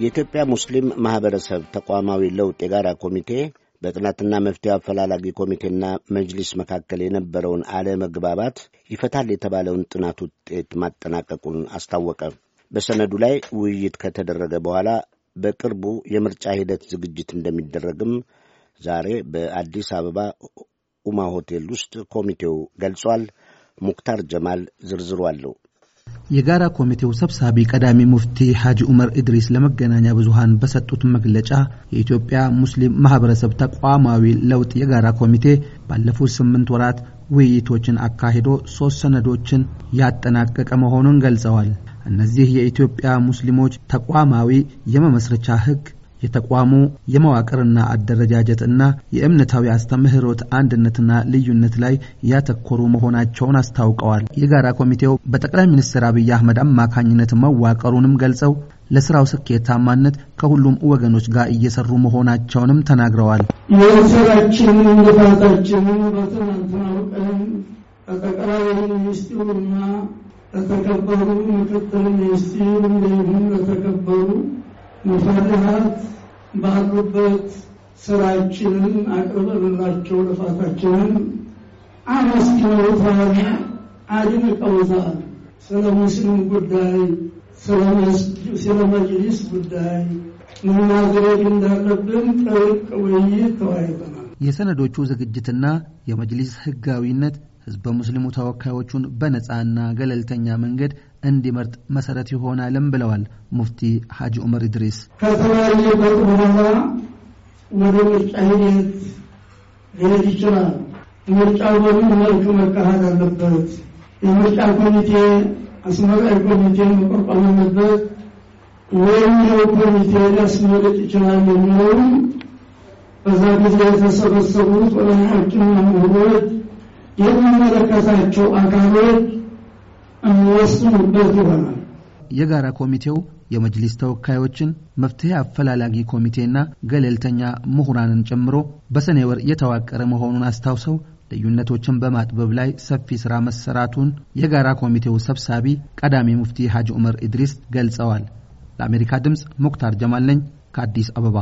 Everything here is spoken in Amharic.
የኢትዮጵያ ሙስሊም ማኅበረሰብ ተቋማዊ ለውጥ የጋራ ኮሚቴ በጥናትና መፍትሄ አፈላላጊ ኮሚቴና መጅሊስ መካከል የነበረውን አለመግባባት ይፈታል የተባለውን ጥናት ውጤት ማጠናቀቁን አስታወቀ። በሰነዱ ላይ ውይይት ከተደረገ በኋላ በቅርቡ የምርጫ ሂደት ዝግጅት እንደሚደረግም ዛሬ በአዲስ አበባ ኡማ ሆቴል ውስጥ ኮሚቴው ገልጿል። ሙክታር ጀማል ዝርዝሩ አለው። የጋራ ኮሚቴው ሰብሳቢ ቀዳሚ ሙፍቲ ሐጂ ዑመር ኢድሪስ ለመገናኛ ብዙሃን በሰጡት መግለጫ የኢትዮጵያ ሙስሊም ማህበረሰብ ተቋማዊ ለውጥ የጋራ ኮሚቴ ባለፉት ስምንት ወራት ውይይቶችን አካሂዶ ሶስት ሰነዶችን ያጠናቀቀ መሆኑን ገልጸዋል። እነዚህ የኢትዮጵያ ሙስሊሞች ተቋማዊ የመመስረቻ ህግ የተቋሙ የመዋቅርና አደረጃጀት እና የእምነታዊ አስተምህሮት አንድነትና ልዩነት ላይ ያተኮሩ መሆናቸውን አስታውቀዋል። የጋራ ኮሚቴው በጠቅላይ ሚኒስትር አብይ አህመድ አማካኝነት መዋቀሩንም ገልጸው ለስራው ስኬታማነት ከሁሉም ወገኖች ጋር እየሰሩ መሆናቸውንም ተናግረዋል። የስራችንን እንቅፋታችንን በትናንትናው ቀን ሚኒስትሩና ለተከበሩ ምክትል ሚኒስትር እንዲሁም ለተከበሩ መፈልሀት ባሉበት ስራችንን አቅርበንላቸው ልፋታችንን አመስግነውታል፣ አድንቀውታል። ስለ ሙስሊም ጉዳይ ስለ መጅሊስ ጉዳይ ምን ማድረግ እንዳለብን ጥልቅ ውይይት ተወያይተናል። የሰነዶቹ ዝግጅትና የመጅሊስ ህጋዊነት ህዝበ ሙስሊሙ ተወካዮቹን በነፃና ገለልተኛ መንገድ እንዲመርጥ መሰረት ይሆናልም ብለዋል ሙፍቲ ሐጂ ዑመር ኢድሪስ። ከተወያየበት በኋላ ወደ ምርጫ ሂደት ሊሄድ ይችላል። ምርጫው በምን መልኩ መካሄድ አለበት? የምርጫ ኮሚቴ አስመራዊ ኮሚቴ መቋቋም አለበት ወይም ይኸው ኮሚቴ ሊያስመርጥ ይችላል የሚለውም በዛ ጊዜ የተሰበሰቡት ወላጆችና መምህሮች የሚመለከታቸው አካሎች የሚወስኑበት ይሆናል። የጋራ ኮሚቴው የመጅሊስ ተወካዮችን መፍትሄ አፈላላጊ ኮሚቴና ገለልተኛ ምሁራንን ጨምሮ በሰኔ ወር የተዋቀረ መሆኑን አስታውሰው ልዩነቶችን በማጥበብ ላይ ሰፊ ስራ መሰራቱን የጋራ ኮሚቴው ሰብሳቢ ቀዳሚ ሙፍቲ ሐጅ ዑመር ኢድሪስ ገልጸዋል። ለአሜሪካ ድምፅ ሙክታር ጀማል ነኝ ከአዲስ አበባ።